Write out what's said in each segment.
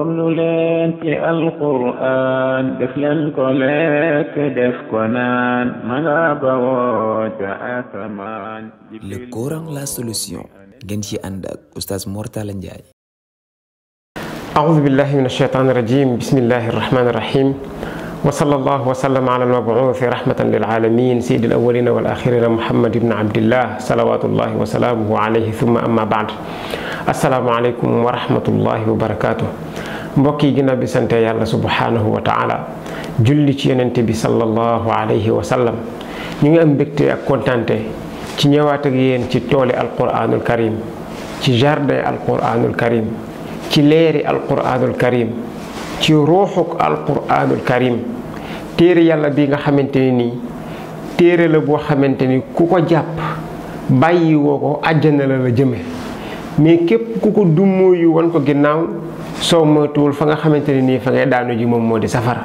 ومنولات القرآن في القرآن دفكونان مغابوات أثمان Le Coran la solution ngeen ci ànd ak oustaz Mor Talla أعوذ بالله من الشيطان الرجيم بسم الله الرحمن الرحيم وصلى الله وسلم على المبعوث رحمة للعالمين سيد الأولين والآخرين محمد بن عبد الله صلوات الله وسلامه عليه ثم أما بعد السلام عليكم ورحمة الله وبركاته mbokk yi ginnaaw bi sante yàlla subhanahu wa taala julli ci yonente bi sallallahu alayhi wa sallam ñu ngi am mbégte ak kontante ci ñëwaat ak yéen ci tooli alquranul karim ci jardin alquranul karim ci leeri alquranul karim ci ruuxuk alquranul karim téere yàlla bii nga xamante ni nii téere la boo xamante ni ku ko jàpp bàyyi woo ko àjjana la la jëme mais képp ku ko dummóoyu wan ko ginnaaw soo moytuwul fa nga xamante ne nii fa ngay daanu ji moom moo di safara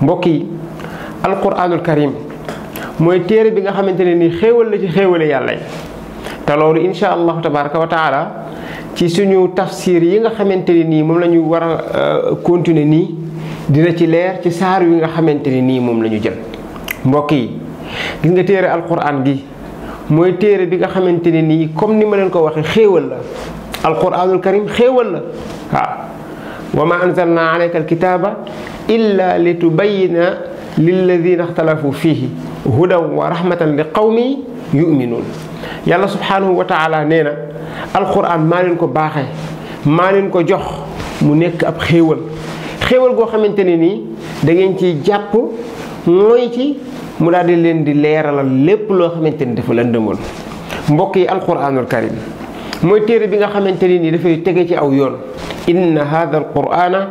mbokk yi alquranul karim mooy téere bi nga xamante ne nii xéewal la ci xéewale yàlla te loolu incha allahu tabaraka wa ci suñu tafsir yi nga xamante ne nii moom la ñu war a euh, continuer nii dina ci leer ci saar yi nga xamante ne nii moom la ñu jël mbokk yi gis nga téere alquran gi mooy téere bi nga xamante ni nii comme ni ma leen ko waxee xéewal la alquranul karim xéewal la wa ma anzalna alayka alkitaba illa li na lilladina ixtalafu fihi hudan wa rahmatan li qawmi yuminuun yàlla subhanahu wa taala nee na alquran maa leen ko baaxe maa leen ko jox mu nekk ab xéewal xéewal goo xamante ne nii da ngeen jàpp ci mu daal di leen di leeralal lépp loo xamante ni dafa lëndëmoon mbokk yi alquranul karim mooy téere bi nga xamante ne nii dafay tege ci aw yoon inna hadha alqur'ana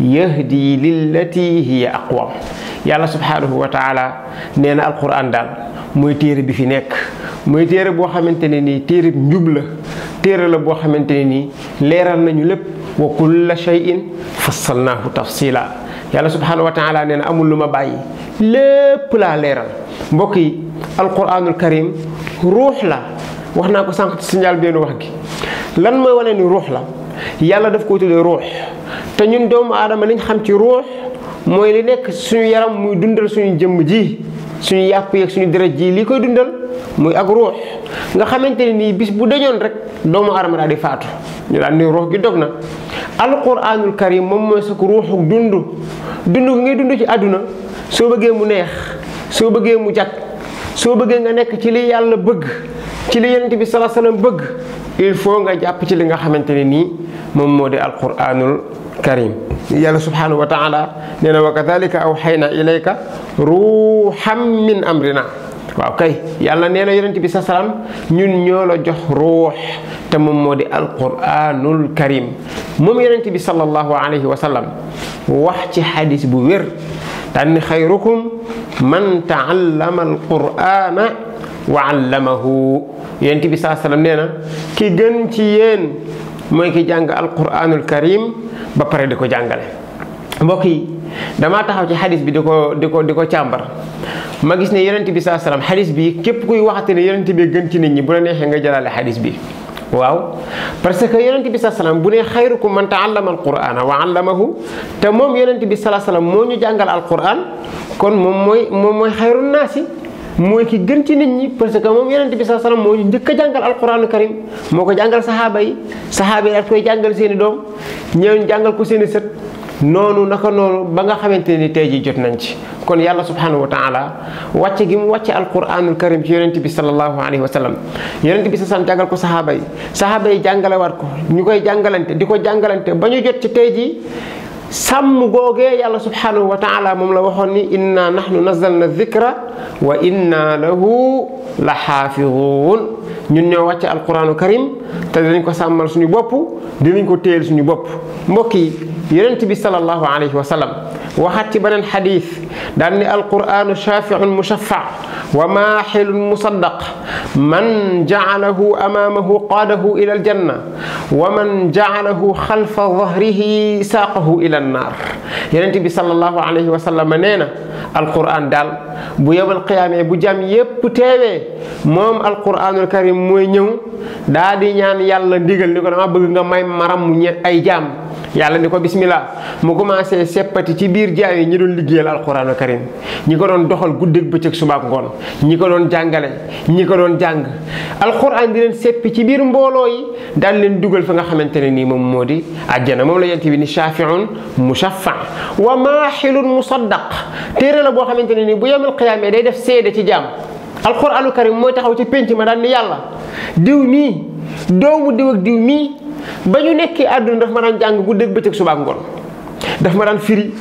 yahdi lillati hiya aqwam yàlla subhaanahu wa taala nee na alqur'an daal mooy téere bi fi nekk mooy téere boo xamante ne nii téere njub njubla téere la boo xamante ne nii leeral nañu lépp wa kulla shay'in fassalnaahu tafsila yàlla subhaanahu wa taala nee na amul lu ma bàyyi lépp laa leeral mbokk yi alquraanul karim ruux la wax naa ko sànq si signal benn wax gi lan mooy wane ni ruux la yàlla def ko tuddee ruux te ñun doomu aadama liñ xam ci ruux mooy li nekk suñu yaram muy dundal suñu jëmm ji suñu yàpp yeeg suñu deret jii lii koy dundal muy ak ruux nga xamante ne nii bis bu dañoon rek doomu aadama daal di faatu ñu daal ni ruux gi dog na alquranul karim moom mooy sa ruuxu dund dund ngay dund ci àdduna soo bëggee mu neex soo bëggee mu jag so bëggee nga nekk ci li yàlla bëgg ci li yonent bi sala sallam bëgg il faut nga jàpp ci li nga xamante ne nii moom alquranul karim yàlla subhanahu wa taala nee na wa kadalika awxayna ilayka ruuxam min amrina waaw kay yàlla nee na yonent bi sa salaam ñun ñoo la jox ruux te moom moo alquranul karim moom yonent bi salallahu alayhi wa sallam wax ci xadis bu wér tànn xayrukum man taallama alqur'ana wa allamahu yonent bi saa sallam nee na ki gën ci yéen mooy ki jàng alqur'anul karim ba pare di ko jàngale mbokk yi damaa taxaw ci xadis bi di ko di ko di ko càmbar ma gis ne yonent bi saa sallam xadis bi képp kuy waxate ne yonent bi gën ci nit ñi bu la neexee nga jëlaale xadis bi waaw parce que yonent bi salaa salaam bu ne xayrukum man taallama alqur'ana wa allamahu te moom yonent bi salaa salaam moo ñu jàngal alqur'an kon moom mooy moom mooy xayru naasi mooy ki gën ci nit ñi parce que moom yonent bi sallallahu alayhi wasallam moo ñu njëkk a jàngal alquranu karim moo ko jàngal saxaaba yi saxaaba yi daf koy jàngal seeni doom ñëw jàngal ko seen i sët noonu naka noonu ba nga xamante ni tey ji jot nañ ci kon yàlla subhanahu wa taala wàcce gi mu wàcce alquranul karim ci yonent bi salallahu alayhi wa sallam yonent bi sa jàngal ko saxaaba yi saxaaba yi jàngalewaat ko ñu koy jàngalante di ko jàngalante ba ñu jot ci tey sàmm googee yàlla subhanahu wa taala moom la waxoon ni inna nahnu nazzalna dhikra wa inna lahu la xaafizuun ñun ñoo wàcce alquraanu karim te dinañ ko sàmmal suñu bopp dinañ ko teel suñu bopp mbokk yi yonent bi sallallahu alayhi wa sallam waxat ci beneen xadis daan ni alquranu shafiun mushaffa wa maaxilun musaddaq man jacalahu amaamahu qaadahu ila jannah, wa man jacalahu xalfa dhahrihi saaqahu ila annar yonente bi salallahu alayhi wa sallam nee al-qur'an daal bu yowal qiyaamee bu jam yépp teewee moom alquranul karim mooy ñëw daa di ñaan yàlla ndigal ni ko dama bëgg nga may maram ay ni ko bismillah mu commencé ci biir jaay ñi doon liggéeyal alxuraanu karim ñi ko doon doxal guddeeg bëccëg subaak ngoon ñi ko doon jàngale ñi ko doon jàng alxuraan di leen seppi ci biir mbooloo yi daan leen dugal fa nga xamante ne nii moom moo di àjjana moom la yent bi ni shafiun mushaffa wa maaxilun musaddaq téere la boo xamante ne nii bu yemal qiyaamee day def seede ci jaam alxuraanu karim mooy taxaw ci pénc ma daan ni yàlla diw mii doomu diw ak diw ba ñu nekkee àdduna daf ma daan jàng guddeeg bëccëg subaak ngoon daf ma daan firi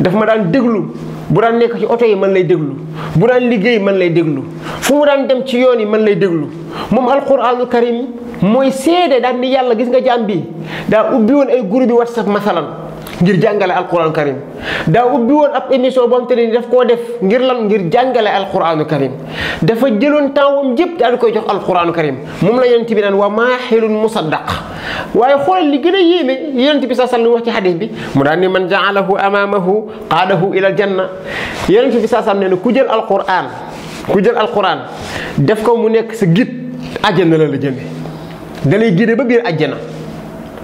dafa ma daan déglu bu daan nekk ci oto yi man lay déglu bu daan liggéey man lay déglu fu mu daan dem ci yoon yi man lay déglu moom alquraanul karim mooy seede daan ni yàlla gis nga jàmm bi daa ubbi woon ay groupe bi whatsapp masalan ngir jàngale alquranu karim daa ubbi woon ab émission boo xam te ne daf koo def ngir lan ngir jàngale alquranu karim dafa jëloon temps wam jëpp daal koy jox alquranu karim moom la yonent bi naan wa maaxilun musaddaq waaye xoolal li gën a yéeme yonent bi saa sallam wax ci xadis bi mu daan ne man jaalahu amaamahu qaadahu ila aljanna yonent bi saa sallam ne ne ku jël alquran ku jël alquran def ko mu nekk sa git àjjana la la jëme dalay génne ba biir àjjana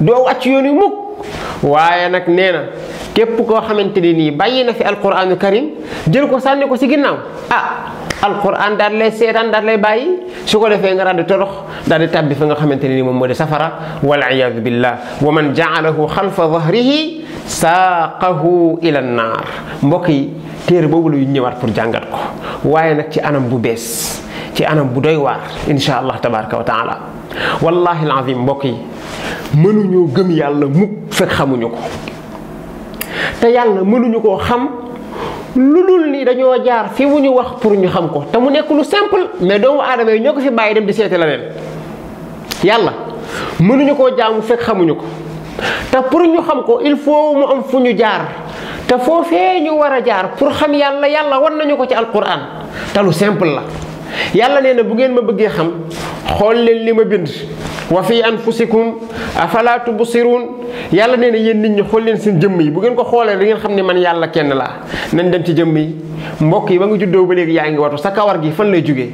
doo wàcc yoon yu mukk waaye nag nee na képp koo xamante ne nii bàyyi na fi alquraanu karim jël ko sànni ko si ginnaaw ah alquran daal lay seetaan daal lay bàyyi su ko defee nga daal di torox daal di tàbbi fi nga xamante ne nii moom moo di safara wal iyaadu billah wa man jaalahu xalfa dahrihi saaqahu ila nnaar mbokk yi téere boobu la ñëwaat pour jàngat ko waaye nag ci anam bu bees ci anam bu doy waar allah tabaraka wa taala wallahi alazim mbokk yi mënuñoo gëm yàlla mukk fekk xamuñu ko te yàlla mënuñu koo xam lu lul nii dañoo jaar fi mu ñu wax pour ñu xam ko te mu nekk lu simple mais doomu aadama yi ñoo ko fi bàyyi dem di seeti la leen yàlla mënuñu koo jaamu fekk xamuñu ko te pour ñu xam ko il faut mu am fu ñu jaar te foofee ñu war a jaar pour xam yàlla yàlla war nañu ko ci alquran te lu simple la yàlla nee na bu ngeen ma bëggee xam xool leen li ma bind wa fii an fi anfusikum afala tubsirun yàlla nee na yéen nit ñi xool leen seen jëmm yi bu ngeen ko xoolee da ngeen xam ne man yàlla kenn laa nañ dem ci jëmm yi mbokk yi ba nga juddoo ba léegi yaa ngi watu sa kawar gi fan lay jógee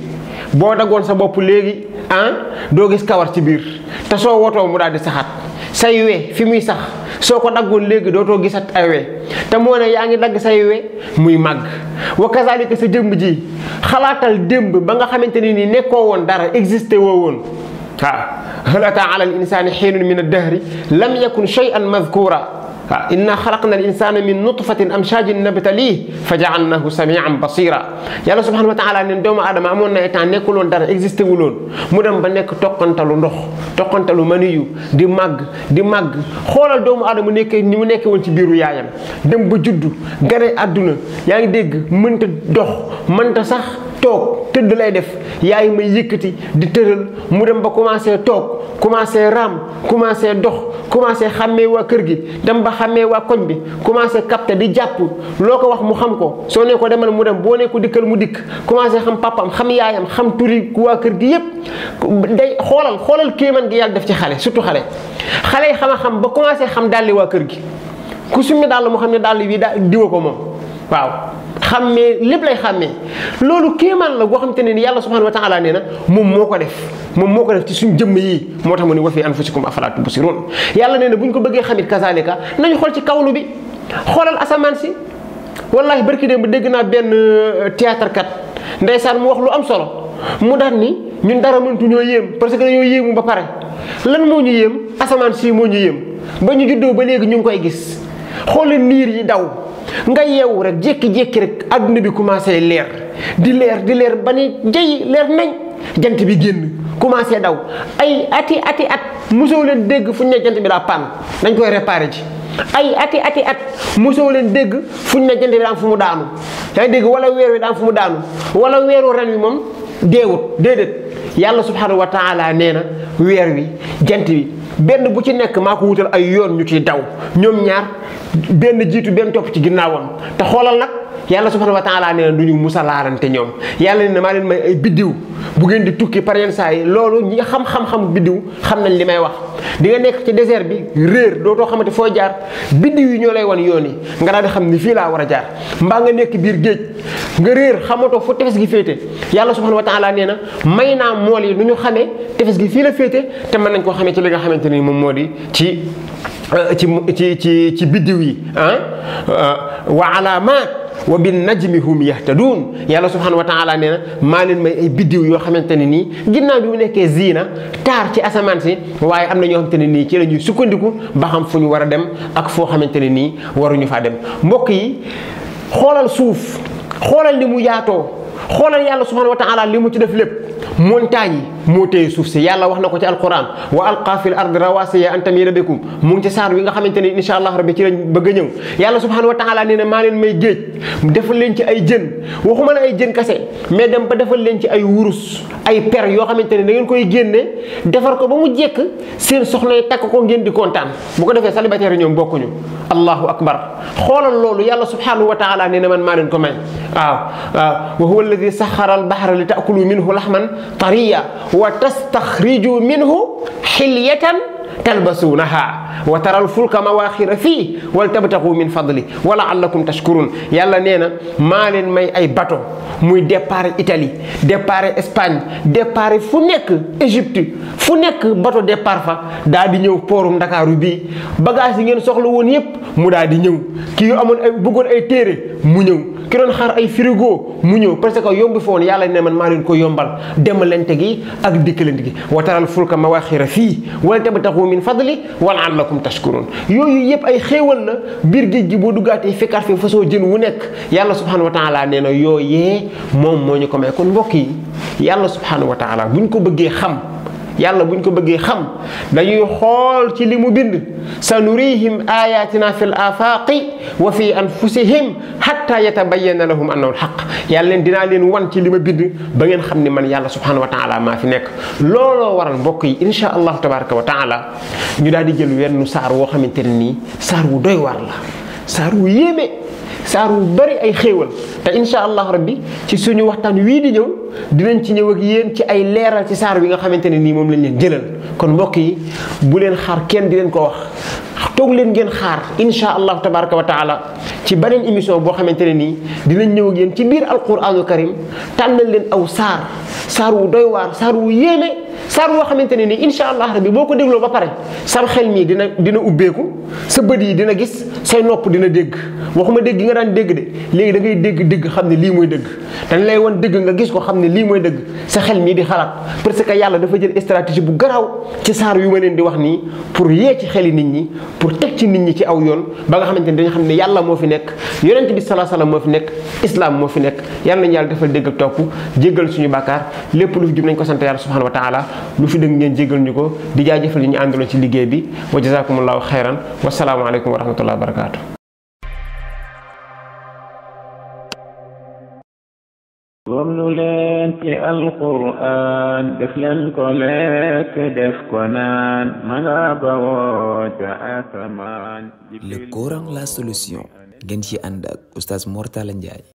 boo daggoon sa bopp léegi ah doo gis kawar ci biir te soo wotoo mu daal di saxaat sa we fi muy sax soo ko daggoon léegi dootoo gisat ay we te moo ne yaa ngi dagg sa we muy màgg wa kazalika sa jëmm ji xalaatal démb ba nga xamante ne ni nekkoo woon dara existé woo woon waaw hal ataa ala al insani xiinun min addahri lam yakun shay'an madkura waaw inna xalaqna al insana min nutfatin amshajin nabtalihi fa jaalnahu samian basira yàlla subhanahu wa taala ne doomu aadama amoon na ay temps nekkuloon dara existé wuloon mu dem ba nekk toqantalu ndox toqantalu maniyu di màgg di màgg xoolal doomu aadama nekk ni mu nekkee woon ci biiru yaayam dem ba juddu gane àdduna yaa ngi dégg mënta dox mënta sax tok du lay def yaay may yëkëti di teural mu dem ba commencer tok commencer ram commencer dox commencer xamé wa kër gi dem ba xamé wa koñ bi commencer capter di japp loko wax mu xam ko so ne ko demal mu dem bo ne ko dikkel mu dik commencer xam papam xam yaayam xam turi ku wa kër gi yépp day xolal xolal keman gi yag def ci xalé surtout xalé xalé xama xam ba commencer xam dalli wa kër gi ku summi dal mu xamni dal wi diwo ko mom waaw xàmmee lépp lay xàmmee loolu kéemaan la goo xamante ne ni yàlla subhanahu wa taala nee na moom moo ko def moom moo ko def ci suñ jëmm yi moo tax mu ne wa fi anfusikum afalaa tubsiruun yàlla nee na bu ñu ko bëggee xamit kazalika nañu xool ci kawlu bi xoolal asamaan si wallaahi barki démb dégg naa benn euh, théâtre kat ndeysaan wax lu am solo mu daan ni ñun dara mëntu ñoo yéem parce que yooyu yéemu ba pare lan moo ñu yéem asamaan si moo ñu yéem ba ñu juddoo ba léegi ñu ngi koy gis xoolal niir yi daw nga yeewu rek jékki-jékki rek adduna bi commencé leer di leer di leer ba ni jëy leer nañ jant bi génn commencé daw ay ati ati at mosoo leen dégg fu ñu ne jant bi daa paan dañ koy réparé ji ay ati ati at mosoo leen dégg fu ñu ne jant bi daa am fu mu daanu yaa ngi dégg wala weer wi daa fu mu daanu wala weeru ren wi moom deewut déedéet yàlla subhanahu wa taala nee na weer wi jant bi benn bu ci nekk maa ko wutal ay yoon ñu ciy daw ñoom ñaar benn jiitu benn topp ci ginnaawam te xoolal nag. yàlla subhanahu wa taala nee na du ñu musa laalante ñoom yàlla ne maa leen may ay biddiw bu ngeen di tukki par yenn saa yi loolu ñi xam-xam-xam biddiw xam nañ li may wax di nga nekk ci désert bi réer dootoo xamante foo jaar biddiw yi ñoo lay wan yoon yi nga daal di xam ni fii laa war a jaar mbaa nga nekk biir géej nga réer xamatoo fu tefes gi féete yàlla subhanahu wa taala nee na may naa mool yi lu ñu xamee tefes gi fii la féete te mën nañ koo xamee ci li nga xamante ni moom moo di ci euh, ci ci ci biddiw yi wa bin najmi hum yahtadun yàlla subhanahu wa taala nee na maa leen may ay biddiw yoo xamante ne nii ginnaaw bi mu nekkee ziina taar ci asamaan si waaye am na ñoo xamante ne nii ci la sukkandiku ba xam fu ñu war a dem ak foo xamante ne nii waruñu faa dem mbokk yi xoolal suuf xoolal li mu yaatoo xoolal yàlla subhanahu wa taala li mu ci def lépp montagne yi moo téye suuf si yàlla wax na ko ci alquran wa alqa fil ard rawasiya an tamira bikum mu ci saar wi nga xamante ni incha allah rabbi ci lañ bëgg a ñëw yàlla subhanahu wa taala nee na maa leen may géej leen ci ay jën waxuma la ay jën kase mais dem ba defal leen ci ay wurus ay per yoo xamante ne da ngeen koy génne defar ko ba mu jekk seen soxna yi takk ko ngeen di kontaan bu ko defee célibataire ñoom bokkuñu allahu akbar xoolal loolu yàlla subhanahu wa taala nee na man maa leen ko may waaw waaw wa huwa alladi saxara al bahra li taakulu lax man طريا وتستخرجوا منه حلية تلبسونها wa taral fulka mawaaxira fii wal tabtaxu min fadli wala allakum tashkurun yàlla nee na maa leen may ay bateau muy départ Italie départ Espagne départ fu nekk Égypte fu nekk bateau départ fa daa di ñëw poorum Ndakaaru bii bagage yi ngeen soxla woon yépp mu daa di ñëw kii yu ay bëggoon ay téere mu ñëw ki doon xaar ay frigo mu ñëw parce que yomb fi woon yàlla ne man maa leen ko yombal demalante gi ak dikkalante gi wa taral fulka mawaxira fii wala tabtaxu min fadli wala allakum tashkurun yooyu yëpp ay xéewal la biir géej gi boo duggaatee fekkaat fi soo jën wu nekk yàlla subhanahu wa taala nee na yooyee moom moo ñu ko may kon mbokk yi yàlla subhanahu wa bu ñu ko bëggee xam yàlla bu buñ ko bëggee xam dañuy xool ci li mu bind sa nurihim ayatina fi l afaqi wa fi anfusihim xatta yatabayana lahum annahu alxaq yàlla leen dinaa leen wan ci li ma bind ba ngeen xam ni man yàlla subhanahu wa taala maa fi nekk looloo waral mbokk yi insha allahu tabaraka wa taala ñu daal di jël wenn saar woo xamante ne nii saar wu doy war la saar wu yéeme saar wu bari ay xéewal te incha allah rabbi ci suñu waxtaan wii di ñëw dinañ ci ñëw ak yéen ci ay leeral ci saar bi nga xamante ne nii moom lañ leen jëlal kon mbokk yi bu leen xaar kenn di leen ko wax toog leen ngeen xaar incha allah tabaraka wa taala ci beneen émission boo xamante ne nii dinañ ñëw ak yéen ci biir alquranu karim tànnal leen aw saar saar wu doy waar saar wu yéeme saar woo xamante ne nii incha allah rabbi boo ko dégloo ba pare sam xel mii dina dina ubbeeku sa bët yi dina gis say nopp dina dégg waxuma dégg yi nga daan dégg de léegi dangay dégg dégg xam ne lii mooy dëgg dañ lay woon dégg nga gis ko xam ne lii mooy dëgg sa xel mii di xalaat parce que yàlla dafa jël stratégie bu garaw ci saar yu ma leen di wax nii pour yee ci xeli nit ñi pour teg ci nit ñi ci aw yoon ba nga xamante ne dañu xam ne yàlla moo fi nekk yonent bi salaa salaam moo fi nekk islam moo fi nekk yàlla nañu yàlla defal dégg ak topp jéggal suñu bàkkaar lépp lu fi jub nañ ko sant yàlla subhanahu wa taala lu fi dëgg ngeen jéggal ñu ko di jaajëfal ñu àndaloon ci liggéey bi wa jazakumullahu xayran wasalaamu aleykum wa rahmatullahi wa barakatu ci alquran def leen ko lekk def ko naan ma nga bawoo ca asamaan le Coran la solution ngeen ci ànd ak oustaz Mor Talla Ndiaye